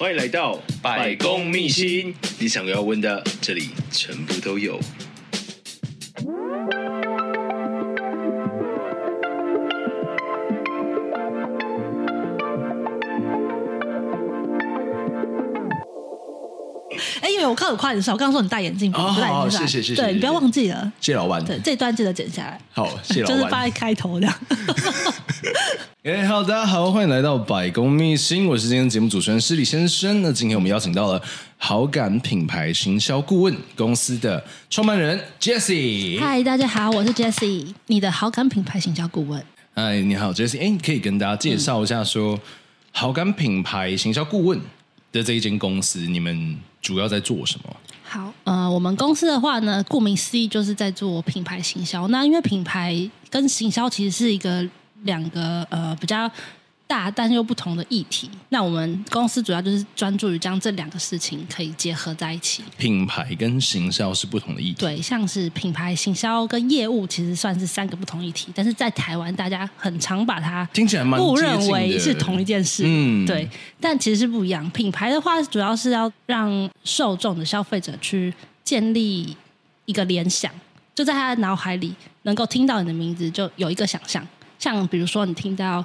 歡迎來到百工秘辛，你想要問的這裡全部都有。哎呦，因為我剛剛誇你的時候，我剛剛說你戴眼鏡吧，哦、不戴眼鏡是吧？謝、哦、謝謝謝，對，謝謝對謝謝你不要忘記了，謝，謝老闆。對，這段記得剪下來。好，謝，謝老闆。 就是放在開頭的。 哎、欸、Hello，大家好，歡迎來到百工秘辛，我是今天的節目主持人失禮先生。那今天我們邀請到了好感品牌行銷顧問公司的創辦人 Jessie。嗨，大家好，我是 Jessie，你的好感品牌行銷顧問。嗨，你好，Jessie，哎、欸，可以跟大家介紹一下說好感品牌行銷顧問的這一間公司，你們主要在做什麼？好，呃，我們公司的話呢，顧名思義就是在做品牌行銷。那因為品牌跟行銷其實是一個，兩個呃比較大但又不同的議題，那我們公司主要就是專注於將這兩個事情可以結合在一起。品牌跟行銷是不同的議題？對，像是品牌行銷跟業務其實算是三個不同議題，但是在台灣大家很常把它 聽起來蠻接近的，誤認為是同一件事，嗯，對，但其實是不一樣。品牌的話，主要是要讓受眾的消費者去建立一個聯想，就在他的腦海裡能夠聽到你的名字就有一個想象像比如說你聽到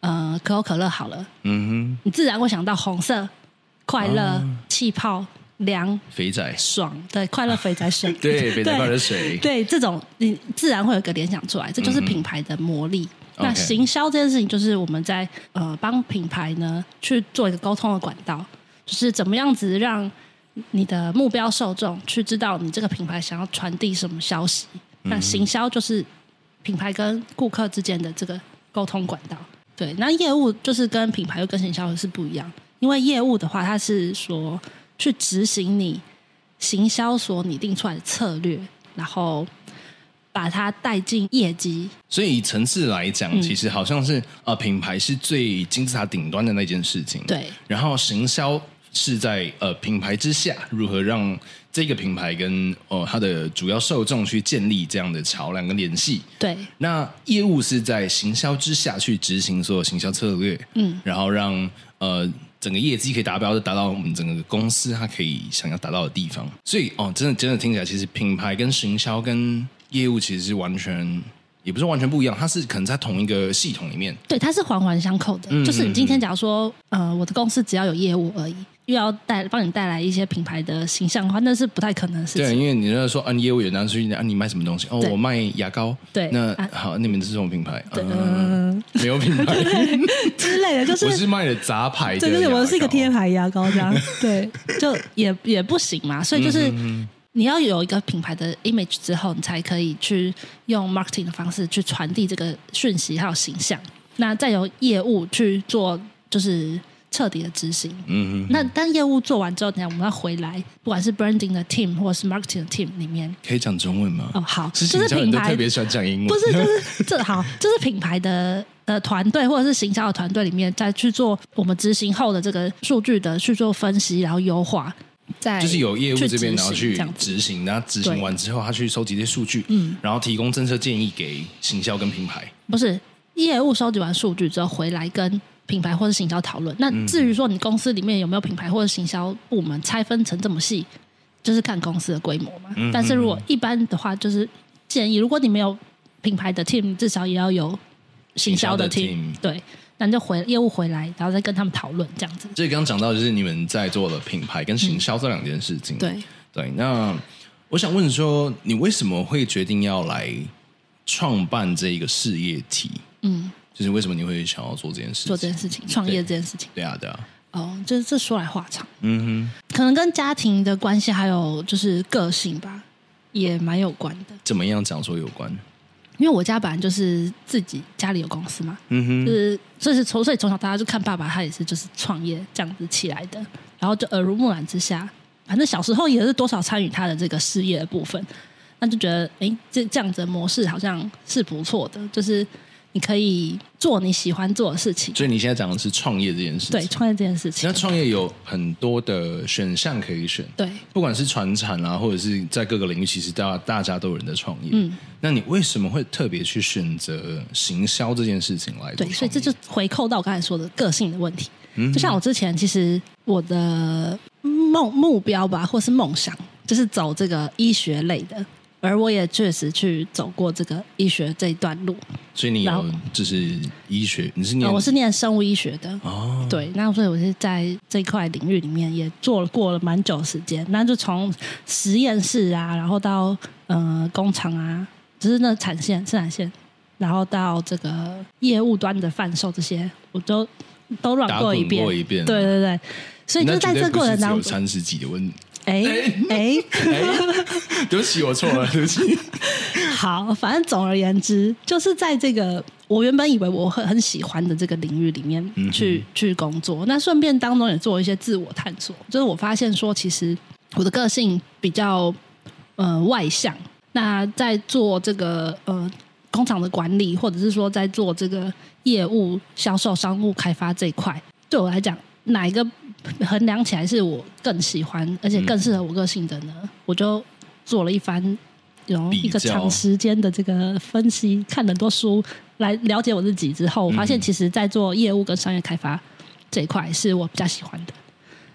呃可口可樂好了，嗯哼，你自然會想到紅色、快樂、嗯、氣泡、涼、肥仔、爽，對，快樂肥仔水， 對，肥仔快樂水，對，對這種你自然會有一個聯想出來，這就是品牌的魔力。嗯、那行銷這件事情，就是我們在呃幫品牌呢去做一個溝通的管道，就是怎麼樣子讓你的目標受眾去知道你這個品牌想要傳遞什麼消息。嗯、那行銷就是。品牌跟顧客之間的這個溝通管道，對，那業務就是跟品牌又跟行銷是不一樣，因為業務的話，它是說去執行你行銷所擬定出來的策略，然後把它帶進業績。所以，以層次來講，其實好像是、嗯、啊，品牌是最金字塔頂端的那件事情，對，然後行銷。是在呃品牌之下，如何讓這個品牌跟哦、呃、它的主要受眾去建立這樣的橋樑跟聯繫？對，那業務是在行銷之下去執行所有行銷策略，嗯，然後讓呃整個業績可以達標，就達到我們整個公司它可以想要達到的地方。所以哦，真的真的聽起來，其實品牌跟行銷跟業務其實是完全也不是完全不一樣，它是可能在同一個系統裡面，對，它是環環相扣的。嗯、就是你今天假如說、嗯嗯、呃我的公司只要有業務而已。又要帶幫你帶來一些品牌的形象的話，那是不太可能的事情。對，因為你那時候說按業務員拿出去，啊，你賣什麼東西？哦，我賣牙膏。對，那、啊、好，你們是什麼品牌？嗯、呃，沒有品牌 之類的，就是我是賣的雜牌的。對對對，我是一個貼牌牙膏這樣。對， 就也也不行嘛。所以就是、嗯、哼哼你要有一個品牌的 image 之後，你才可以去用 marketing 的方式去傳遞這個訊息還有形象。那再由業務去做，就是。徹底的執行，嗯哼哼，那當業務做完之後，等下我們要回來，不管是 branding 的 team 或者是 marketing 的 team 裡面，可以講中文嗎？哦，好，就是品牌是特別喜歡講英文，這是不是，就是這好，就 是品牌的呃團隊或者是行銷的團隊裡面，在去做我們執行後的這個數據的去做分析，然後優化。在就是有業務這邊然後去執行，然後執行完之後，他去收集這些數據，嗯，然後提供政策建議給行銷跟品牌。不是，業務收集完數據之後，回來跟。品牌或者行銷討論。那至於說你公司裡面有沒有品牌或者行銷部門，嗯，拆分成這麼細，就是看公司的規模嘛。嗯，但是如果一般的話，就是建議，如果你沒有品牌的 team，至少也要有行銷的 team, 銷的 team。對，那你就回業務回來，然後再跟他們討論這樣子。所以剛剛講到就是你們在做的品牌跟行銷這兩件事情。嗯，對對，那我想問說，你為什麼會決定要來創辦這一個事業體？嗯。就是為什麼你會想要做這件事情？做這件事情，創業這件事情。對啊，對啊。哦、uh，就是這說來話長，嗯哼，可能跟家庭的關係還有就是個性吧，也蠻有關的。嗯，怎麼樣講說有關？因為我家本來就是自己家裡有公司嘛，嗯哼，就是就是從所以從小大家就看爸爸他也是就是創業這樣子起來的，然後就耳濡目染之下，反正小時候也是多少參與他的這個事業的部分，那就覺得哎，這這樣子的模式好像是不錯的，就是。你可以做你喜歡做的事情，所以你現在講的是創業這件事情？對，創業這件事情，那創業有很多的選項可以選。對，不管是傳產啊，或者是在各個領域，其實大大家都有人在創業。嗯，那你為什麼會特別去選擇行銷這件事情來做？對，所以這就回扣到我剛才說的個性的問題。嗯，就像我之前，其實我的夢目標吧，或是夢想，就是走這個醫學類的。而我也確實去走過這個醫學這一段路，所以你有就是醫學，你是念，呃、我是念生物醫學的哦、啊。對，那所以我是在這塊領域裡面也做過了蠻久時間。那就從實驗室啊，然後到呃工廠啊，只、就是那產線生產線，然後到這個業務端的販售這些，我都都繞過一遍。過一遍，對對對。嗯、所以就在這過程當中，三十幾的溫哎哎，誒誒誒 對不起，我錯了，對不起。好，反正總而言之，就是在這個我原本以為我會很喜歡的這個領域裡面去、嗯、去工作，那順便當中也做一些自我探索。就是我發現說，其實我的個性比較呃外向，那在做這個呃工廠的管理，或者是說在做這個業務銷售、商務開發這一塊，對我來講，哪一個？衡量起來是我更喜歡，而且更適合我個性的呢。嗯、我就做了一番，有一個長時間的這個分析，看很多書來了解我自己之後，我發現其實，在做業務跟商業開發、嗯、這一塊是我比較喜歡的。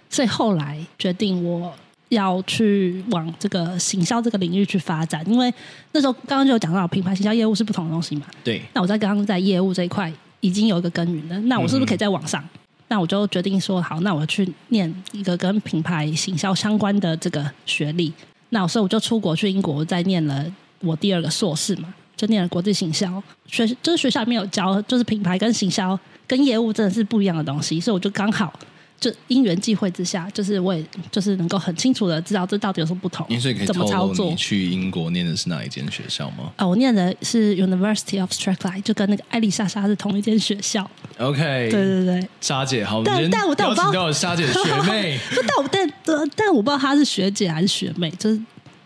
所以後來決定我要去往這個行銷這個領域去發展，因為那時候剛剛就有講到品牌行銷業務是不同的東西嘛。對。那我在剛剛在業務這一塊已經有一個耕耘了，那我是不是可以在網上？嗯那我就決定說好，那我去念一個跟品牌行銷相關的這個學歷。那所以我就出國去英國，再念了我第二個碩士嘛，就念了國際行銷學。就是學校裡面有教，就是品牌跟行銷跟業務真的是不一樣的東西，所以我就剛好。就因緣際會之下，就是我也就是能夠很清楚的知道這到底有什麼不同。所以可以怎麼操作？你去英國念的是哪一間學校嗎？啊、哦，我念的是 University of Strathclyde，就跟那個艾莉莎莎是同一間學校。OK，對對對，莎姐好。但請到的但但我，但我請到了莎姐的學妹。但但但我不知道她是學姐還是學妹，就是。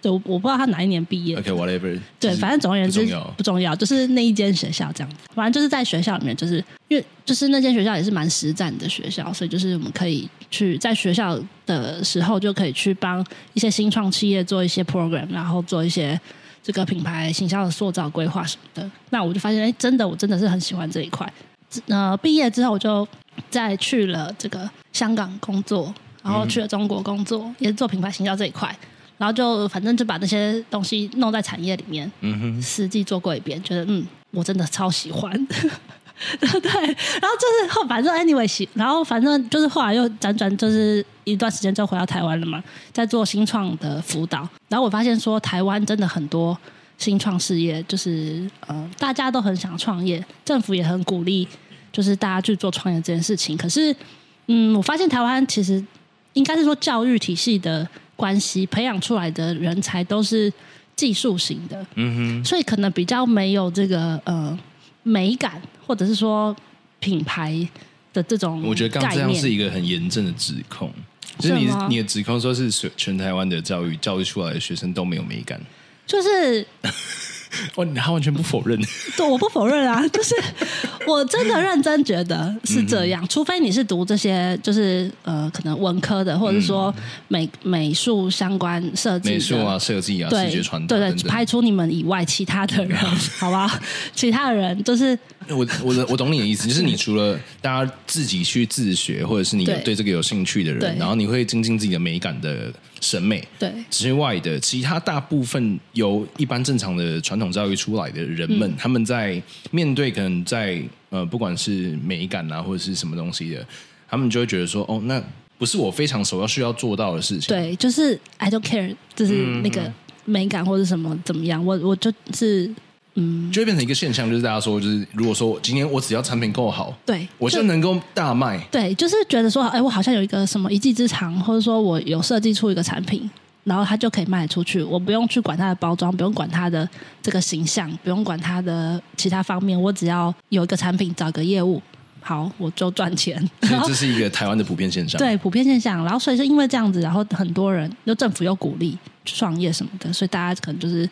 就我不知道他哪一年畢業。OK，whatever, 對，反正總而言之不重，不重要，就是那一間學校這樣子。反正就是在學校裡面，就是因為就是那間學校也是蠻實戰的學校，所以就是我們可以去在學校的時候就可以去幫一些新創企業做一些 program，然後做一些這個品牌形象的塑造規劃什麼的。那我就發現，哎，真的我真的是很喜歡這一塊。呃，畢業之後我就再去了這個香港工作，然後去了中國工作，嗯、也是做品牌形象這一塊。然後就反正就把那些東西弄在產業裡面，嗯哼，實際做過一遍，覺得嗯，我真的超喜歡， 對，對。然後就是反正 anyway，然後反正就是後來又輾轉就是一段時間就回到台灣了嘛，在做新創的輔導。然後我發現說台灣真的很多新創事業，就是、呃、大家都很想創業，政府也很鼓勵，就是大家去做創業這件事情。可是，嗯，我發現台灣其實應該是說教育體系的。關係培養出來的人才都是技術型的，嗯哼，所以可能比較沒有這個呃美感，或者是說品牌的這種。我覺得剛剛這樣是一個很嚴正的指控，就是你是你的指控說，是全台灣的教育教育出來的學生都沒有美感，就是， 哦，他完全不否認， 對，我不否認啊，就是。我真的認真覺得是這樣，嗯、除非你是讀這些，就是呃，可能文科的，或者說美美術相關設計、美術啊、設計啊，視覺傳達，對對，對，排除你們以外，其他的人， 好不好，其他的人就是我，我的我懂你的意思，就是你除了大家自己去自學，或者是你對這個有興趣的人，然後你會精進自己的美感的。審美對，之外的其他大部分由一般正常的傳統教育出來的人們，嗯、他們在面對可能在呃不管是美感啊或者是什麼東西的，他們就會覺得說哦，那不是我非常首要需要做到的事情。對，就是 I don't care，就是那個美感或者什麼怎麼樣，我我就是。嗯，就會變成一個現象，就是大家說，就是如果說今天我只要產品夠好，對就我就能夠大賣。對，就是覺得說，哎、欸，我好像有一個什麼一技之長，或者說我有設計出一個產品，然後它就可以賣出去，我不用去管它的包裝，不用管它的這個形象，不用管它的其他方面，我只要有一個產品，找個業務，好，我就賺錢。這是一個台灣的普遍現象。 對，普遍現象。然後所以是因為這樣子，然後很多人又政府又鼓勵創業什麼的，所以大家可能就是。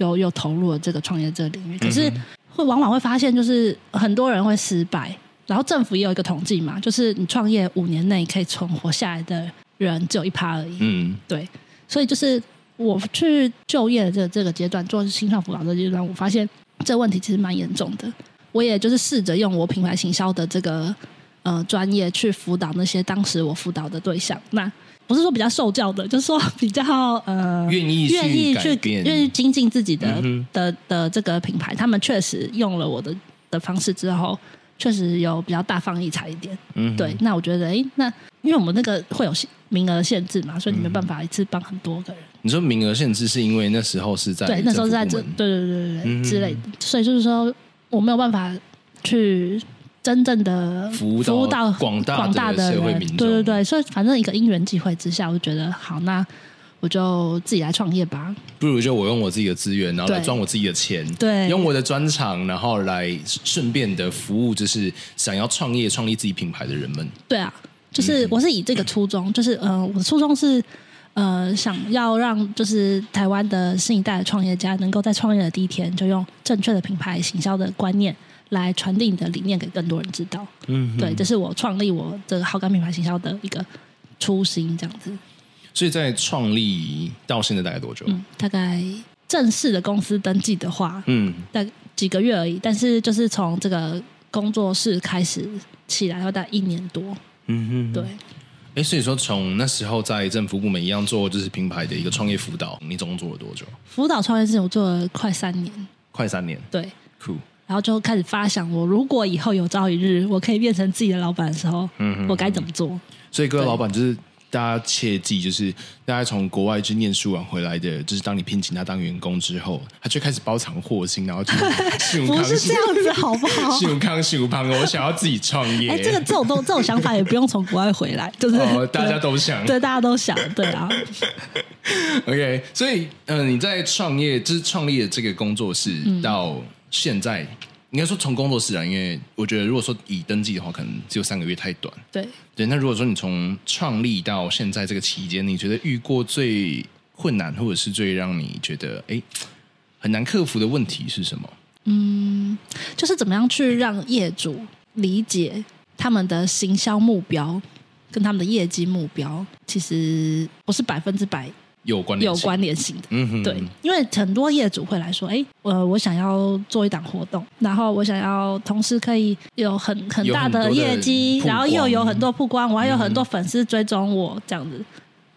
又又投入了這個創業這個領域，可是會往往會發現，就是很多人會失敗。然後政府也有一個統計嘛，就是你創業五年內可以存活下來的人只有一趴而已。嗯，對，所以就是我去就業的這個、這個階段，做新創輔導的階段，我發現這問題其實蠻嚴重的。我也就是試着用我品牌行銷的這個呃專業去輔導那些當時我輔導的對象。那不是說比較受教的，就是說比較呃，願意願意去願意、意精進自己的、嗯、的的這個品牌，他們確實用了我的的方式之後，確實有比較大放異彩一點。嗯，對，那我覺得誒、欸，那因為我們那個會有名額限制嘛，所以你沒辦法一次幫很多個人。嗯、你說名額限制是因為那時候是在對那時候是在這對對對對、嗯、之類的，所以就是說我沒有辦法去。真正的服務到廣大的，大的社會民眾，對對對，所以反正一個因緣際會之下，我就覺得好，那我就自己來創業吧。不如就我用我自己的資源，然後來賺我自己的錢，對，用我的專長，然後來順便的服務，就是想要創業、創立自己品牌的人們。對啊，就是我是以這個初衷，嗯、就是嗯、呃、我的初衷是呃，想要讓就是台灣的新一代的創業家能夠在創業的第一天就用正確的品牌行銷的觀念。來傳遞你的理念給更多人知道。嗯，對，這是我創立我這個好感品牌行銷的一個初心，這樣子。所以在創立到現在大概多久？嗯，大概正式的公司登記的話，嗯，大概幾個月而已。但是就是從這個工作室開始起來，要大概一年多。嗯哼，對。哎，所以說從那時候在政府部門一樣做就是品牌的一個創業輔導，你總共做了多久？輔導創業是我做了快三年，快三年，對，酷、cool. 然後就開始發想，我如果以後有朝一日我可以變成自己的老闆的時候，嗯嗯嗯、我該怎麼做？所以各位老闆，就是大家切記，就是大家從國外去念書完回來的，就是當你聘請他當員工之後，他就開始包藏禍心，然後就。 不是這樣子， 好不好？幸 福康，幸福康，我想要自己創業。哎、欸，這個這種這種想法也不用從國外回來，對不對、哦、大家都想對，對，大家都想，對啊。 OK，所以，嗯、呃，你在創業，就是創立的這個工作室、嗯、到。現在應該說從工作室啊，因為我覺得如果說已登記的話，可能只有三個月太短。對對，那如果說你從創立到現在這個期間，你覺得遇過最困難或者是最讓你覺得哎很難克服的問題是什麼？嗯，就是怎麼樣去讓業主理解他們的行銷目標跟他們的業績目標，其實不是百分之百。有關聯性的，的，嗯哼，對，因為很多業主會來說，哎、欸，我想要做一檔活動，然後我想要同時可以有很很大的業績，然後又有很多曝光，嗯、我還有很多粉絲追蹤我這樣子，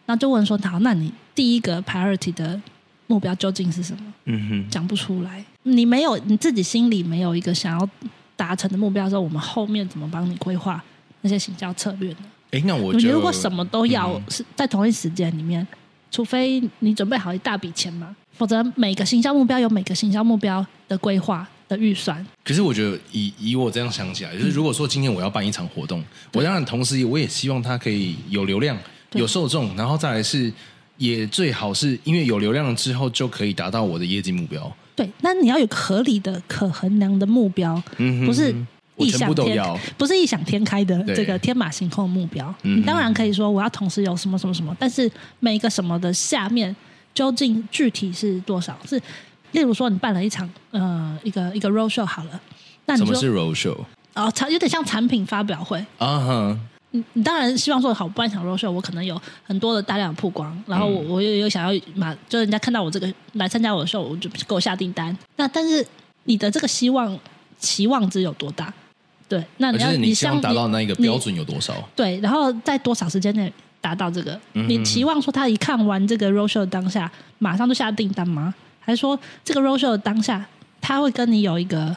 然後就問說他，那你第一個 priority 的目標究竟是什麼？嗯哼，講不出來，你沒有你自己心裡沒有一個想要達成的目標之後，我們後面怎麼幫你規劃那些行銷策略呢？哎、欸，那我覺得如果什麼都要是，嗯、在同一時間裡面。除非你準備好一大筆錢嘛，否則每個行銷目標有每個行銷目標的規劃的預算。可是我覺得以，以以我這樣想起來，就是如果說今天我要辦一場活動，嗯、我當然同時我也希望它可以有流量、有受眾，然後再來是也最好是，因爲有流量之後就可以達到我的業績目標。對，那你要有個合理的、可衡量的目標，嗯哼，不是？異想天，不是異想天開的這個天馬行空的目標。你當然可以說我要同時有什麼什麼什麼，但是每一個什麼的下面究竟具體是多少？是例如說你辦了一場呃一個一個 road show 好了，那你就什麼是 road show 哦，產有點像產品發表會啊。Uh -huh. 你你當然希望做好辦一場 road show，我可能有很多的大量的曝光，然後我我又又想要馬，就是人家看到我這個來參加我的 show，我就給我下訂單。那但是你的這個希望期望值有多大？對，那你要、就是、你希望達到那一個標準有多少？對，然後在多少時間內達到這個、嗯哼哼？你期望說他一看完這個 roadshow 當下馬上就下訂單嗎？還是說這個 roadshow 當下他會跟你有一個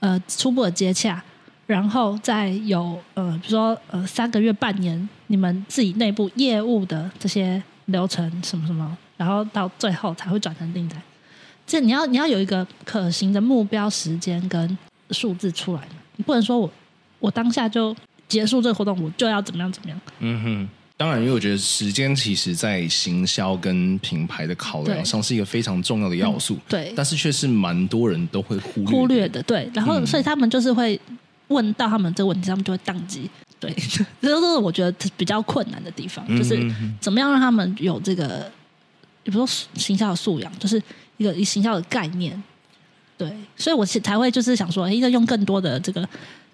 呃初步的接洽，然後再有呃比如說呃三個月半年，你們自己內部業務的這些流程什麼什麼，然後到最後才會轉成訂單？這你要你要有一個可行的目標時間跟數字出來。你不能說我，我當下就結束這個活動，我就要怎麼樣怎麼樣？嗯哼，當然，因為我覺得時間其實在行銷跟品牌的考量上是一個非常重要的要素。對，嗯、對，但是卻是蠻多人都會忽略忽略的。對，然後所以他們就是會問到他們這個問題，嗯、他們就會當機。對，這 都是我覺得比較困難的地方、嗯哼哼，就是怎麼樣讓他們有這個，比如說行銷的素養，就是一個行銷的概念。對，所以我是才會就是想說，應該用更多的這個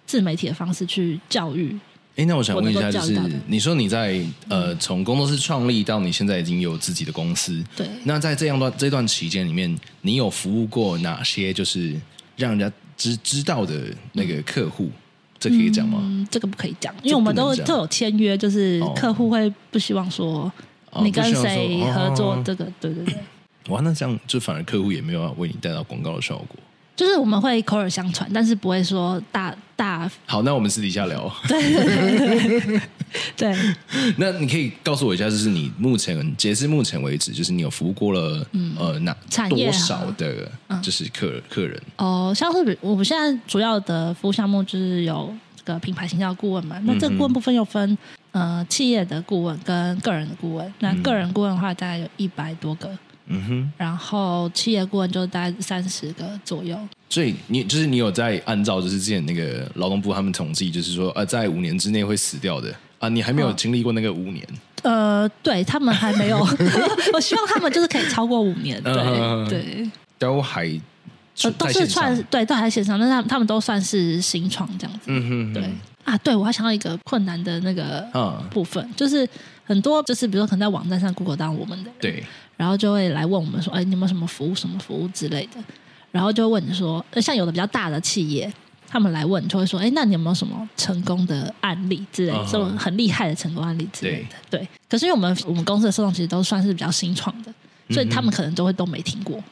自媒體的方式去教育。哎，那我想問一下，就是你說你在呃從工作室創立到你現在已經有自己的公司，對，那在這樣段這段期間裡面，你有服務過哪些就是讓人家知知道的那個客戶？嗯、這可以講嗎？嗯，這個不可以講，因為我們都特有簽約，就是客戶會不希望說你跟誰合作。哦哦、這個，對對對。 哇，那這樣就反而客戶也沒有為你帶到廣告的效果，就是我們會口耳相傳，但是不會說大大。好，那我們私底下聊。 對,對，對,對, 對。那你可以告訴我一下，就是你目前截至目前為止，就是你有服務過了、嗯、呃哪多少的，嗯、就是客客人？哦，像是比我們現在主要的服務項目就是有這個品牌行銷顧問嘛。那這個顧問部分又分嗯嗯呃企業的顧問跟個人的顧問。那個人顧問的話，大概有一百多個。嗯哼，然後企業顧問就大概三十個左右。所以你就是你有在按照就是之前那個勞動部他們統計，就是說呃，在五年之內會死掉的啊、呃，你還沒有經歷過那個五年、啊。呃，對他們還沒有， 我希望他們就是可以超過五年。對、嗯嗯嗯、對，都還呃都是算對都還在線上，但是他們他們都算是新創這樣子。嗯哼，哼，對啊，對我還想到一個困難的那個部分，嗯、就是很多就是比如說可能在網站上 Google 到我們的人，對。然後就會來問我們說：“哎，你有沒有什麼服務、什麼服務之類的？”然後就會問你說：“像有的比較大的企業，他們來問你就會說：‘哎，那你有沒有什麼成功的案例之類的？’這種，Uh-huh. 很厲害的成功案例之類的。”對。對。可是因為我們我們公司的受眾其實都算是比較新創的，所以他們可能都會都沒聽過。嗯、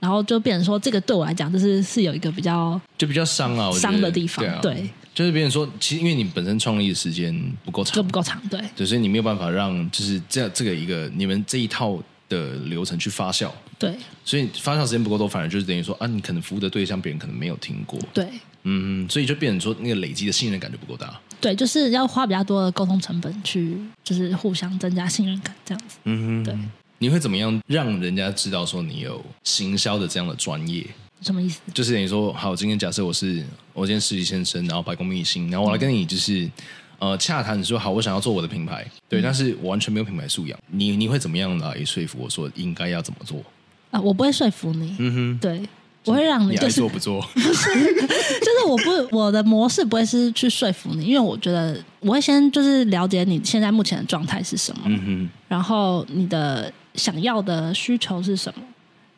然後就變成說，這個對我來講，就是是有一個比較就比較傷啊傷的地方。對，對就是別人說，其實因為你本身創立的時間不夠長，就不夠長，對對，就所以你沒有辦法讓就是這這個一個你們這一套。的流程去發酵，對，所以發酵時間不夠多，反而就是等於說啊，你可能服務的對象別人可能沒有聽過，對，嗯，所以就變成說那個累積的信任感就不夠大，對，就是要花比較多的溝通成本去，就是互相增加信任感這樣子，嗯對，你會怎麼樣讓人家知道說你有行銷的這樣的專業？什麼意思？就是等於說，好，今天假設我是我今天失禮先生，然後百工秘辛，然後我來跟你就是。嗯呃，洽談你說，好，我想要做我的品牌，對，嗯、但是我完全沒有品牌素養，你你會怎麼樣來說服我說應該要怎麼做？啊，我不會說服你，嗯哼，對，我會讓你就是你愛做不做，不是 就是我不我的模式不會是去說服你，因為我覺得我會先就是了解你現在目前的狀態是什麼，嗯哼，然後你的想要的需求是什麼。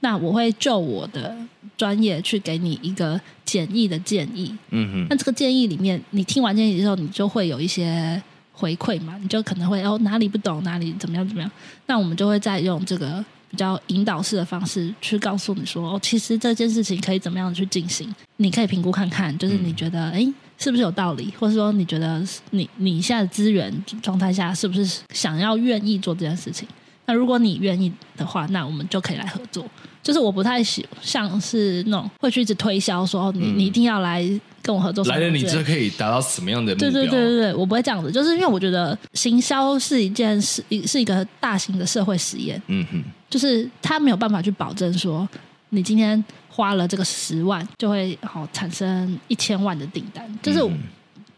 那我會就我的專業去給你一個簡易的建議。嗯哼。那這個建議裡面，你聽完建議之後，你就會有一些回饋嘛。你就可能會哦，哪裡不懂，哪裡怎麼樣怎麼樣。那我們就會再用這個比較引導式的方式去告訴你說，哦，其實這件事情可以怎麼樣去進行。你可以評估看看，就是你覺得哎、嗯，是不是有道理？或者說你覺得你你現在的資源狀態下，是不是想要願意做這件事情？那如果你願意的話，那我們就可以來合作。就是我不太喜像是那、no, 種會去一直推銷說你、嗯、你一定要來跟我合作，來了你就可以達到什麼樣的目標對。對對對對對，我不會這樣子，就是因為我覺得行銷是一件是，是一個大型的社會實驗，嗯哼，就是他沒有辦法去保證說你今天花了這個十萬就會好產生一千萬的訂單，就是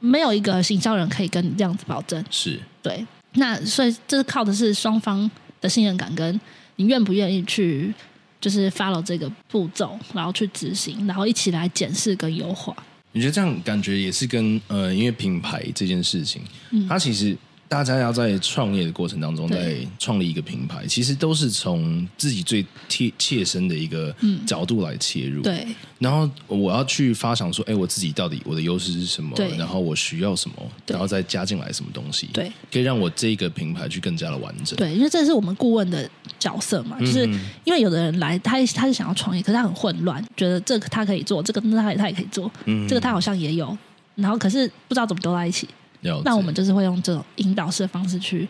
沒有一個行銷人可以跟你這樣子保證，是對，那所以這是靠的是雙方的信任感跟你願不願意去。就是 follow 這個步驟，然後去執行，然後一起來檢視跟優化。你覺得這樣感覺也是跟呃，音樂品牌這件事情，嗯，它其實。大家要在創業的過程當中，在創立一個品牌，其實都是從自己最切切身的一個角度來切入，嗯。對，然後我要去發想說，哎、欸，我自己到底我的優勢是什麼？然後我需要什麼？然後再加進來什麼東西？對，可以讓我這個品牌去更加的完整。對，因為這是我們顧問的角色嘛，就是因為有的人來，他他是想要創業，可是他很混亂，覺得這個他可以做，這個那他他也可以做，嗯，這個他好像也有，然後可是不知道怎麼都在一起。那我們就是會用這種引導式的方式去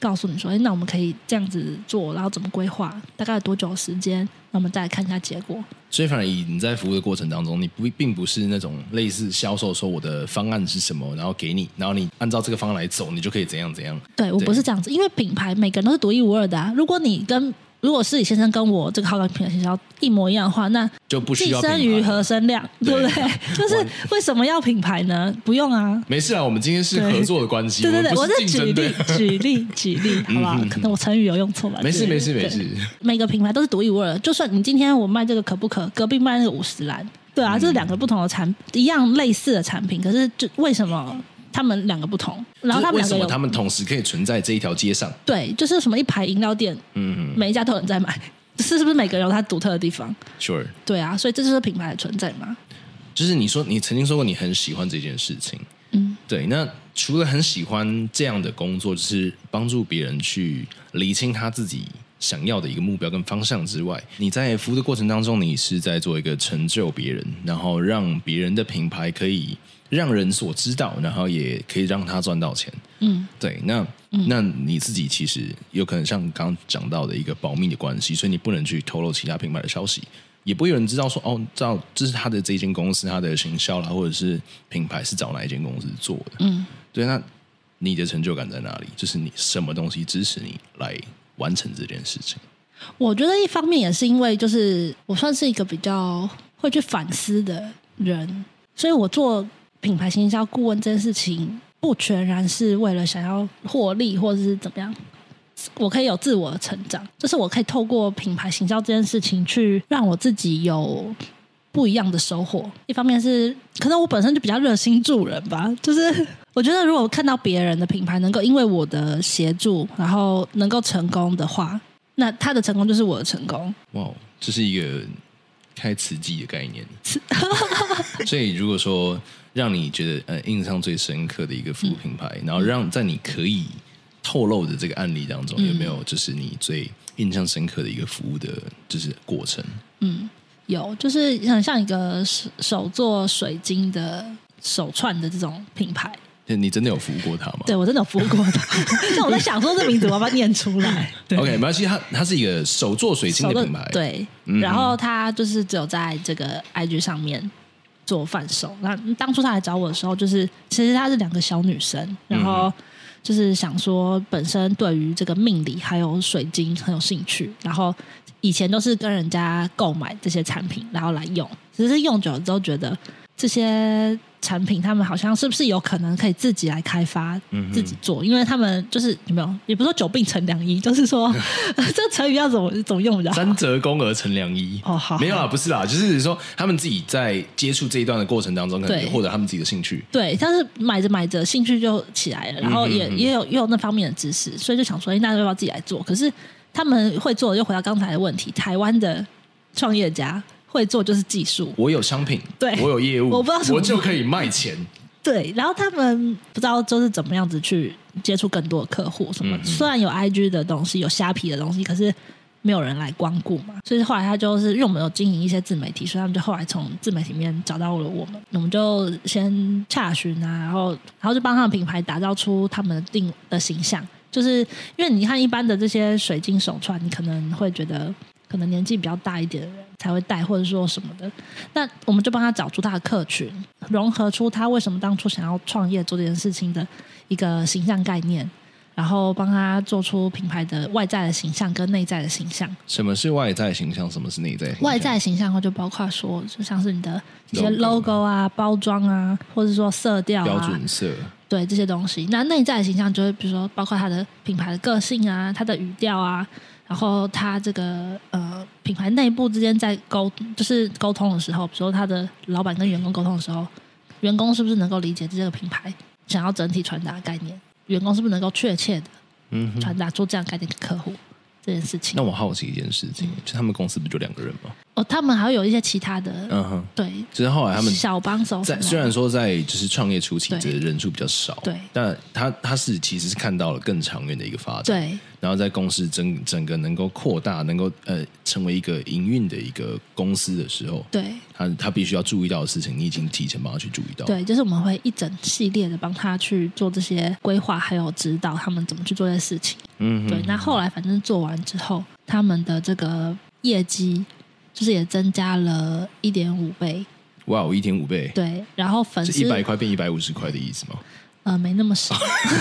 告訴你說，哎，那我們可以這樣子做，然後怎麼規劃，大概多久時間，那我們再來看一下結果。所以，反而以你在服務的過程當中，你不並不是那種類似銷售說我的方案是什麼，然後給你，然後你按照這個方案來走，你就可以怎樣怎樣。對，對我不是這樣子，因為品牌每個人都是獨一無二的啊。如果你跟如果是失禮先生跟我這個好感品牌營銷一模一樣的話，那就不需要品牌。生瑜何生亮對不對？就是為什麼要品牌呢？不用啊，沒事啊。我們今天是合作的關係，對，不是競爭，對啊。我是舉例，舉例，舉例，舉例好不好？嗯、可能我成語有用錯吧？沒事，沒事，沒事。每個品牌都是獨一無二的。就算你今天我賣這個可不可，隔壁賣那個五十嵐，對啊、嗯，這是兩個不同的產，一樣類似的產品，可是就為什麼？他們兩個不同，然後他們兩個有為什麼他們同時可以存在這一條街上？對，就是什麼一排飲料店，嗯哼，每一家都有人在買，是是不是每個人有他獨特的地方？Sure，對啊，所以這就是品牌的存在嘛。就是你說你曾經說過你很喜歡這件事情，嗯，對。那除了很喜歡這樣的工作，就是幫助別人去釐清他自己。想要的一個目標跟方向之外，你在服務的過程當中，你是在做一個成就別人，然後讓別人的品牌可以讓人所知道，然後也可以讓他賺到錢。嗯，對。那、嗯、那你自己其實有可能像剛剛講到的一個保密的關係，所以你不能去透露其他品牌的消息，也不會有人知道說哦，知道這是他的這一間公司，他的行銷啦，或者是品牌是找哪一間公司做的。嗯，對。那你的成就感在哪裡？就是你什麼東西支持你來？完成這件事情，我覺得一方面也是因為，就是我算是一個比較會去反思的人，所以我做品牌行銷顧問這件事情，不全然是為了想要獲利或者是怎麼樣，我可以有自我的成長，就是我可以透過品牌行銷這件事情去讓我自己有不一樣的收穫。一方面是可能我本身就比較熱心助人吧，就是。我覺得，如果看到別人的品牌能夠因為我的協助，然後能夠成功的話，那他的成功就是我的成功。哇、wow，這是一個開慈濟的概念。 所以，如果說讓你覺得呃印象最深刻的一個服務品牌，嗯，然後讓在你可以透露的這個案例當中，嗯、有沒有就是你最印象深刻的一個服務的，就是過程？嗯，有，就是很像一個手做水晶的手串的這種品牌。你真的有服過他嗎？對，我真的服過他。所 以我在想說，這名字我把它念出來對？OK，沒關係。他是一個手做水晶的品牌，對、嗯。然後他就是只有在這個 IG 上面做販售、嗯、那當初他來找我的時候，就是其實他是兩個小女生，然後就是想說，本身對於這個命理還有水晶很有興趣。然後以前都是跟人家購買這些產品，然後來用。其實用久了之後，覺得。這些產品，他們好像是不是有可能可以自己來開發，嗯、自己做？因為他們就是有沒有，也不是說久病成良醫，就是說 這個成語要怎麼怎麼用的？三折肱而成良醫。哦，好，好，沒有啊，不是啦，就是說他們自己在接觸這一段的過程當中，可以獲得他們自己的興趣。對，對但是買着買着興趣就起來了，然後也嗯哼嗯哼也有用那方面的知識，所以就想說，哎，那要不要自己來做？可是他們會做，又回到剛才的問題，台灣的創業家。會做就是技術，我有商品，對，我有業務，我不知道什麼，我就可以賣錢。對，然後他們不知道就是怎麼樣子去接觸更多的客戶，什麼、嗯、雖然有 IG 的東西，有蝦皮的東西，可是沒有人來光顧嘛。所以後來他就是因為我們有經營一些自媒體，所以他們就後來從自媒體裡面找到了我們，我們就先洽詢，詢啊，然後然後就幫他們品牌打造出他們的定的形象。就是因為你看一般的這些水晶手串，你可能會覺得可能年紀比較大一點的人才會帶或者說什麼的，那我們就幫他找出他的客群，融合出他為什麼當初想要創業做這件事情的一個形象概念。然後幫他做出品牌的外在的形象跟內在的形象。什麼是外在形象？什麼是內在形象？外在的形象的話，就包括說，就像是你的一些 logo 啊、logo 包裝啊，或者說色調、啊、標準色，對這些東西。那內在的形象就是，比如說包括他的品牌的個性啊、他的語調啊，然後他這個呃品牌內部之間在溝就是溝通的時候，比如說他的老闆跟員工溝通的時候，員工是不是能夠理解這個品牌想要整體傳達的概念？員工是不是能夠確切的傳達出這樣概念的客戶這件事情？嗯、那我好奇一件事情，就、嗯、他們公司不就兩個人嗎？哦，他們還會有一些其他的，嗯哼，對，就是後來他們小幫手，在雖然說在就是創業初期的人數比較少，對，但他他是其實是看到了更長遠的一個發展，對，然後在公司整整個能夠擴大，能夠呃成為一個營運的一個公司的時候，對，他他必須要注意到的事情，你已經提前幫他去注意到了，對，就是我們會一整系列的幫他去做這些規劃，還有指導他們怎麼去做這些事情，嗯，對，那後來反正做完之後，他們的這個業績。就是也增加了一點五倍，哇，一點五倍，對，然後粉絲一百塊變一百五十塊的意思嗎？呃，沒那麼少，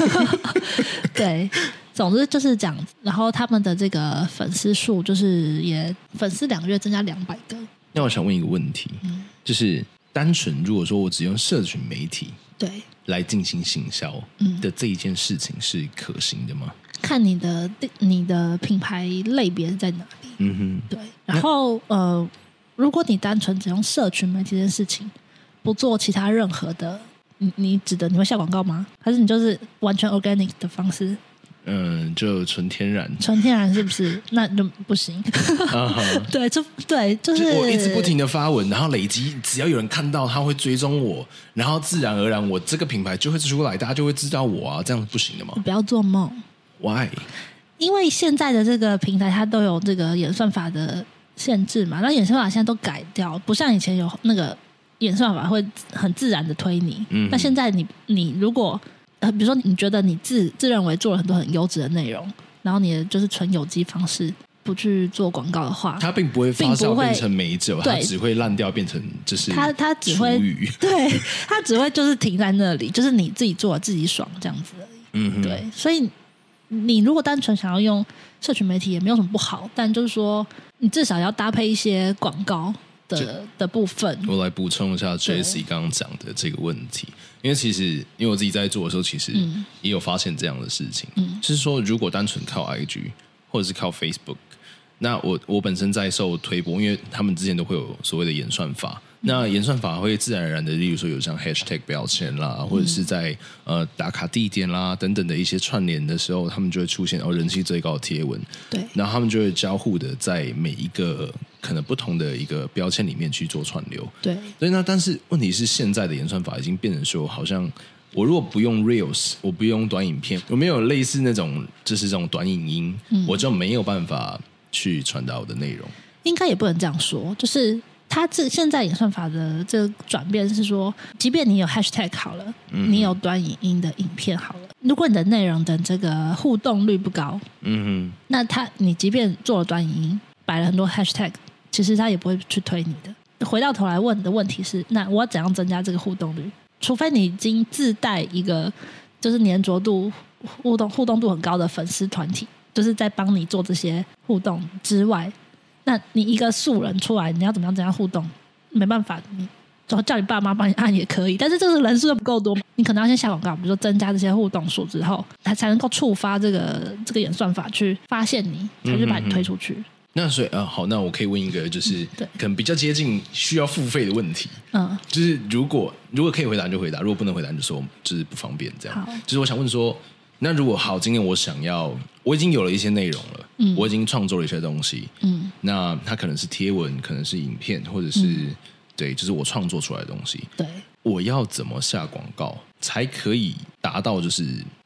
對，總之就是講，然後他們的這個粉絲數就是也粉絲兩個月增加兩百個。那我想問一個問題，嗯，就是單純如果說我只用社群媒體對來進行行銷，嗯，的這一件事情是可行的嗎？嗯，看你的你的品牌類別在哪？嗯哼，對。然後呃，如果你單純只用社群媒體這件事情，不做其他任何的，你你指的你會下廣告嗎？還是你就是完全 organic 的方式？嗯，就純天然，純天然是不是？ 那就不行。 uh -huh. 對，就對，就是就我一直不停的發文，然後累積，只要有人看到，他會追蹤我，然後自然而然我這個品牌就會出來，大家就會知道我啊，這樣是不行的嗎？你不要做夢。Why？因為現在的這個平台，它都有這個演算法的限制嘛。那演算法現在都改掉，不像以前有那個演算法會很自然的推你。嗯，那現在你你如果呃，比如說你覺得你自自認為做了很多很優質的內容，然後你的就是純有機方式不去做廣告的話，它並不會發酵會變成美酒，它只會爛掉變成就是它它只會 對，它只會就是停在那裡，就是你自己做自己爽這樣子。嗯哼，對，所以。你如果單純想要用社群媒體，也沒有什麼不好，但就是說，你至少要搭配一些廣告的的部分。我來補充一下，Jessie 剛剛講的這個問題，因為其實，因為我自己在做的時候，其實也有發現這樣的事情，嗯、就是說，如果單純靠 IG 或者是靠 Facebook，那我我本身在受推播，因為他們之前都會有所謂的演算法。那演算法會自然而然的，例如說有像 hashtag 標籤啦，或者是在、嗯、呃打卡地點啦等等的一些串聯的時候，他們就會出現，哦，人氣最高的貼文。對，然後他們就會交互的在每一個可能不同的一個標籤裡面去做串流。對，所以呢，但是問題是，現在的演算法已經變成說，好像我如果不用 Reels，我不用短影片，我沒有類似那種就是這種短影音，嗯，我就沒有辦法去傳達我的內容。應該也不能這樣說，就是。他這現在演算法的這個轉變是說，即便你有 hashtag 好了、嗯，你有短影音的影片好了，如果你的內容的這個互動率不高，嗯哼，那他你即便做了短影音，擺了很多 hashtag，其實他也不會去推你的。回到頭來問的問題是，那我要怎樣增加這個互動率？除非你已經自帶一個就是黏著度互動互動度很高的粉絲團體，就是在幫你做這些互動之外。那你一個素人出來，你要怎麼樣怎樣互動？沒辦法，你叫叫你爸媽幫你按也可以。但是這個人數又不夠多，你可能要先下廣告，比如說增加這些互動數之後，他才能夠觸發這個這個演算法去發現你，才去把你推出去。嗯嗯嗯，那所以啊、呃，好，那我可以問一個，就是，嗯，可能比較接近需要付費的問題。嗯，就是如果如果可以回答就回答，如果不能回答就說就是不方便這樣。就是我想問說。那如果好，今天我想要，我已經有了一些內容了，嗯，我已經創作了一些東西，嗯，那它可能是貼文，可能是影片，或者是，嗯，對，就是我創作出來的東西，對，我要怎麼下廣告才可以達到就是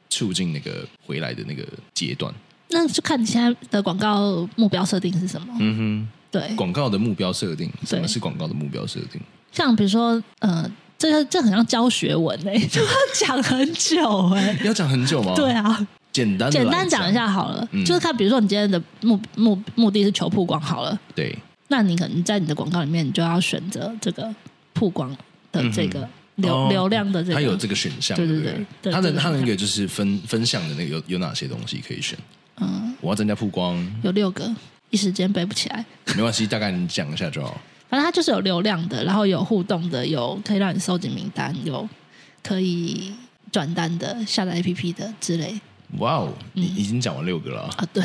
促進那個回來的那個階段？那就看你現在的廣告目標設定是什麼？嗯哼，對，廣告的目標設定，什麼是廣告的目標設定？像比如說，呃。這這很像教學文哎、欸，就要講很久哎、欸， 要講很久嗎？對啊，簡單簡單講一下好了、嗯，就是看比如說你今天的目目目的是求曝光好了，對，那你可能在你的廣告裡面，你就要選擇這個曝光的這個、嗯、流流量的、這個，它有這個選項是不是，對對對，對它的、這個、它那個就是分分項的那個有有哪些東西可以選？嗯，我要增加曝光，有六個，一時間背不起來，沒關係，大概你講一下就好。反正它就是有流量的，然後有互動的，有可以讓你收集名單，有可以轉單的，下載 APP 的之類。哇、wow, 哦、嗯，你已經講完六個了啊？對，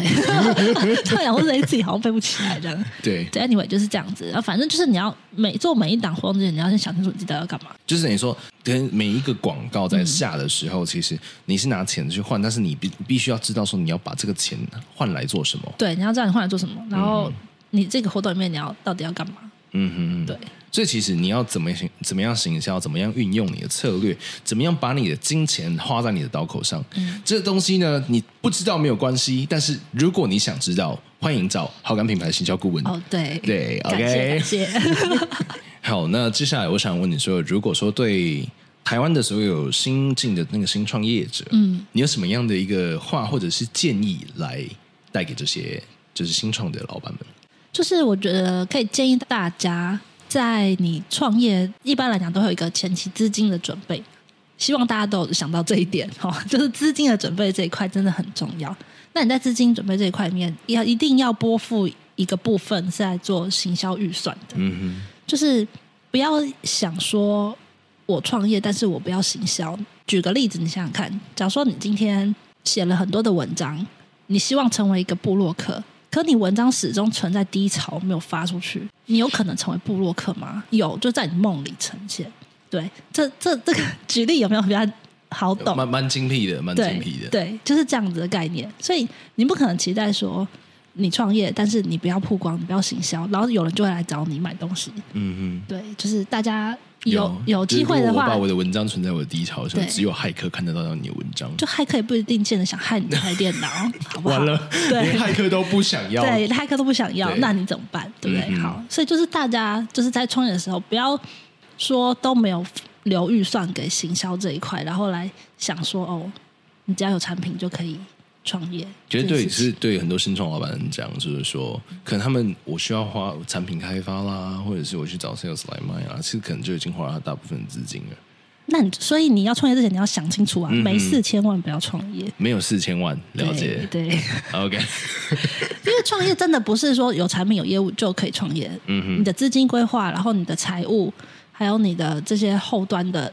突然我覺得自己好像背不起來這樣。 對，對，a n y、anyway, w a y 就是這樣子。啊，反正就是你要每做每一檔活動之前，你要先想清楚你到底要幹嘛。就是等於說，跟每一個廣告在下的時候、嗯，其實你是拿錢去換，但是你必必須要知道說你要把這個錢換來做什麼。對，你要知道你換來做什麼，然後你這個活動裡面你要到底要幹嘛。嗯哼嗯，對，所以其實你要怎麼行，怎麼樣行銷，怎麼樣運用你的策略，怎麼樣把你的金錢花在你的刀口上，嗯，這東西呢，你不知道沒有關係，但是如果你想知道，歡迎找好感品牌的行銷顧問。哦，對，對，OK，謝謝。Okay、謝謝 好，那接下來我想問你說，如果說對台灣的所有新進的那個新創業者，嗯，你有什麼樣的一個話或者是建議來帶給這些就是新創的老板們？就是我覺得可以建議大家，在你創業一般來講都會有一個前期資金的準備，希望大家都有想到這一點哦。就是資金的準備這一塊真的很重要。那你在資金準備這一塊面，要一定要撥付一個部分是在做行銷預算的。嗯哼，就是不要想說我創業，但是我不要行銷。舉個例子，你想想看，假如說你今天寫了很多的文章，你希望成為一個部落客。可你文章始終存在低潮，沒有發出去，你有可能成為部落客嗎？有，就在你夢裡呈現。對，這這這個舉例有沒有比較好懂？蠻蠻精闢的，蠻精闢的對。對，就是這樣子的概念。所以你不可能期待說你創業，但是你不要曝光，你不要行銷，然後有人就會來找你買東西。嗯嗯，對，就是大家。有有機、就是、會的話，我把我的文章存在我的低潮的時候，只有駭客看得到到你的文章，就駭客也不一定見得想害你台電腦， 好不好？完了，對，連駭客都不想要，對，駭客都不想要，那你怎麼辦？對不對、嗯嗯？好，所以就是大家就是在創業的時候，不要說都沒有留預算給行銷這一塊，然後來想說哦，你只要有產品就可以。創業，其實對，是對很多新創老闆講，就是說，可能他們我需要花產品開發啦，或者是我去找 sales 來賣啊，其實可能就已經花了大部分資金了。那你所以你要創業之前，你要想清楚啊，嗯、沒四千萬不要創業，沒有四千萬了解，對，對，OK。 因為創業真的不是說有產品有業務就可以創業，嗯哼，你的資金規劃，然後你的財務，還有你的這些後端的。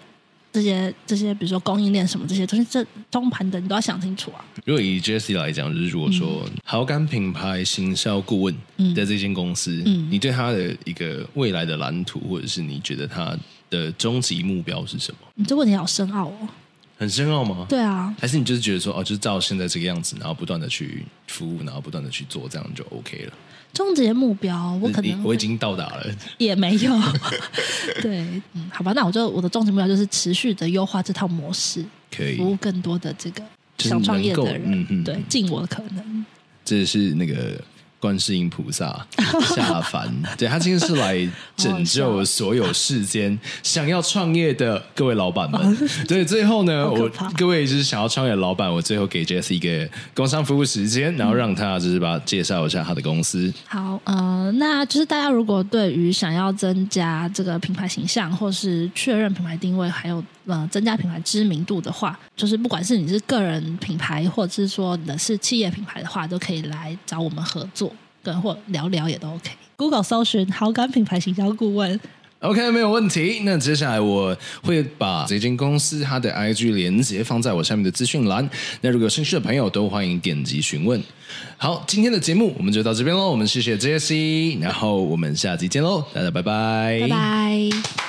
這些這些，比如說供應鏈什麼這些東西，這中盤的你都要想清楚啊。如果以 Jessie 來講，就是如果說好感、嗯、品牌行銷顧問、嗯、在這間公司，嗯，你對他的一個未來的藍圖，或者是你覺得他的終極目標是什麼？你這問題好深奧哦。很深奧嗎？對啊。還是你就是覺得說哦，就是照現在這個樣子，然後不斷的去服務，然後不斷的去做，這樣就 OK 了。終極目標，我可能我已經到達了，也沒有。 對，嗯，好吧，那我就我的終極目標就是持續的優化這套模式，可以服務更多的這個想創業的人，就是嗯、對，盡我的可能。這是那個。觀世音菩薩下凡。對，他今天是來拯救所有世間想要創業的各位老板們。對，最後呢，我各位就是想要創業的老板，我最後給 Jessie 一個工商服務時間，然後讓他就是把介紹一下他的公司。好，呃，那就是大家如果對於想要增加這個品牌形象，或是確認品牌定位，還有呃增加品牌知名度的話，就是不管是你是個人品牌，或者是說你是企業品牌的話，都可以來找我們合作。跟我聊聊也都 OK。Google 搜尋好感品牌行銷顧問。OK，沒有問題。那接下來我會把這間公司它的 IG 連接放在我下面的資訊欄。那如果有興趣的朋友，都歡迎點擊詢問。好，今天的節目我們就到這邊嘍。我們謝謝 Jesse，然後我們下集見嘍，大家拜拜，拜拜。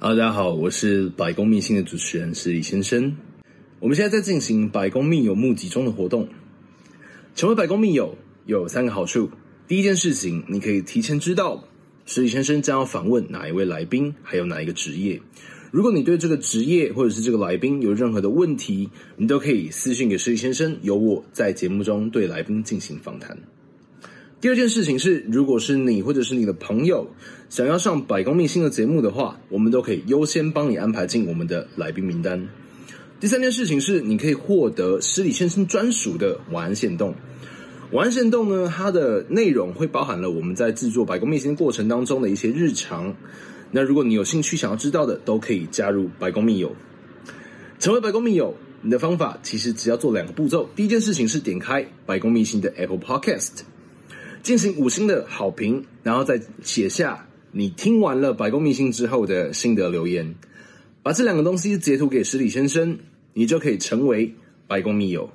大家好，我是百工秘辛的主持人失禮先生。我們現在在進行百工秘友募集中的活動。成為百工秘友有三個好處：第一件事情，你可以提前知道失禮先生將要訪問哪一位來賓，還有哪一個職業。如果你對這個職業或者是這個來賓有任何的問題，你都可以私訊給失禮先生，由我在節目中對來賓進行訪談。第二件事情是，如果是你或者是你的朋友想要上《百工秘辛》的節目的話，我們都可以優先幫你安排進我們的來賓名單。第三件事情是，你可以獲得失禮先生專屬的晚安限動。晚安限動呢，它的內容會包含了我們在制作《百工秘辛》過程當中的一些日常。那如果你有興趣想要知道的，都可以加入《百工秘友》。成為《百工秘友》你的方法其實只要做兩個步驟。第一件事情是點開《百工秘辛》的 Apple Podcast。進行五星的好評，然後再寫下你聽完了《百工秘辛》之後的心得留言，把這兩個東西截圖給失禮先生，你就可以成為百工秘友。